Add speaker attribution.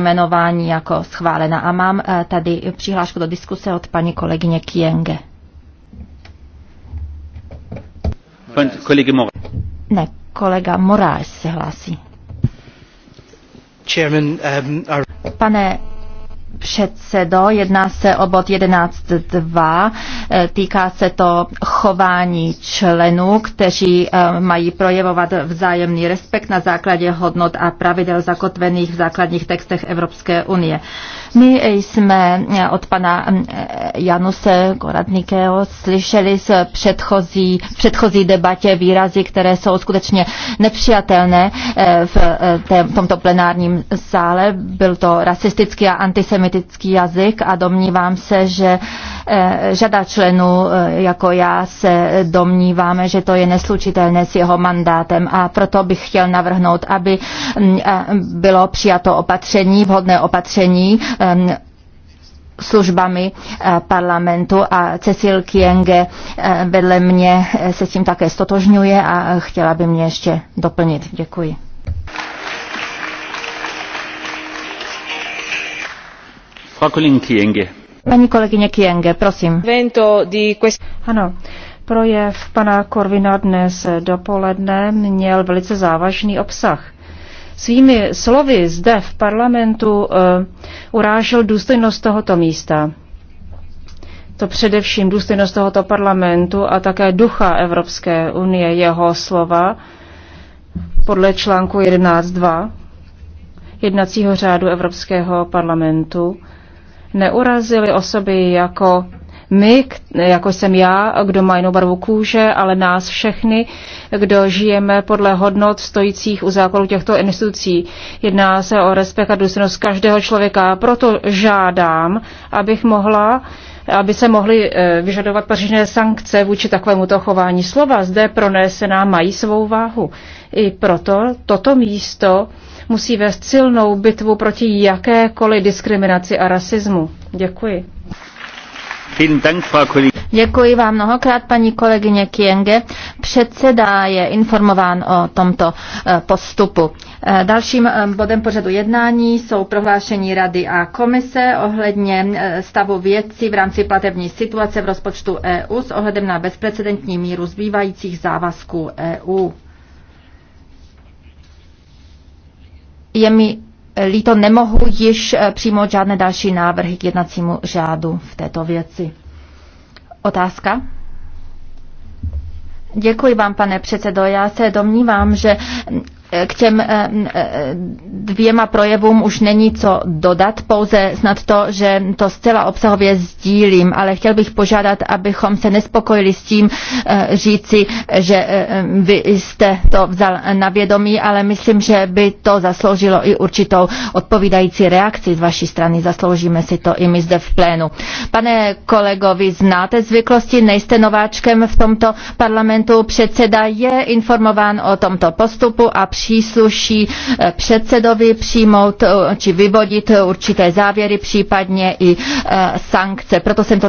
Speaker 1: jmenování jako schválena. A mám eh, tady přihlášku do diskuse od paní kolegyně Kienge. Pan kolega Ne, kolega Moráš se hlásí.
Speaker 2: Um,
Speaker 1: Pane předsedo, jedná se o bod 11.2, e, týká se to chování členů, kteří e, mají projevovat vzájemný respekt na základě hodnot a pravidel zakotvených v základních textech Evropské unie. My jsme e, od pana Januse Koradnikého slyšeli z předchozí, v předchozí debatě výrazy, které jsou skutečně nepřijatelné v tomto plenárním sále. Byl to rasistický a antisemitický antisemitický jazyk a domnívám se, že eh, řada členů eh, jako já se domníváme, že to je neslučitelné s jeho mandátem a proto bych chtěl navrhnout, aby mm, eh, bylo přijato opatření, vhodné opatření službami parlamentu a Cecil Kienge vedle mě se s tím také stotožňuje a chtěla by mě ještě doplnit. Děkuji. Paní kolegyně Kienge, prosím.
Speaker 2: Ano, projev pana Korvina dnes dopoledne měl velice závažný obsah. Svými slovy zde v parlamentu uh, urážel důstojnost tohoto místa. To především důstojnost tohoto parlamentu a také ducha Evropské unie, jeho slova podle článku 11.2 jednacího řádu Evropského parlamentu neurazili osoby jako my, jako jsem já, kdo má jinou barvu kůže, ale nás všechny, kdo žijeme podle hodnot stojících u zákonů těchto institucí. Jedná se o respekt a důstojnost každého člověka. Proto žádám, abych mohla aby se mohly eh, vyžadovat pařížné sankce vůči takovémuto chování. Slova zde pronesená mají svou váhu. I proto toto místo musí vést silnou bitvu proti jakékoliv diskriminaci a rasismu. Děkuji.
Speaker 1: Děkuji vám mnohokrát, paní kolegyně Kienge. Předseda je informován o tomto eh, postupu. Eh, dalším eh, bodem pořadu jednání jsou prohlášení Rady a komise ohledně stavu věcí v rámci platební situace v rozpočtu EU s ohledem na bezprecedentní míru zbývajících závazků EU. Je mi eh, líto, nemohu již eh, přijmout žádné další návrhy k jednacímu řádu v této věci. Otázka? Děkuji vám, pane předsedo. Já se domnívám, že k těm eh, eh, dvěma projevům už není co dodat, pouze snad to, že to zcela obsahově sdílím, ale chtěl bych požádat, abychom se nespokojili s tím eh, říci, že vy jste to vzal na vědomí, ale myslím, že by to zasloužilo i určitou odpovídající reakci z vaší strany. Zasloužíme si to i my zde v plénu. Pane kolego, vy znáte zvyklosti, nejste nováčkem v tomto parlamentu. Předseda je informován o tomto postupu a při přísluší eh, předsedovi přijmout eh, či vyvodit eh, určité závěry, případně i sankce. Proto jsem to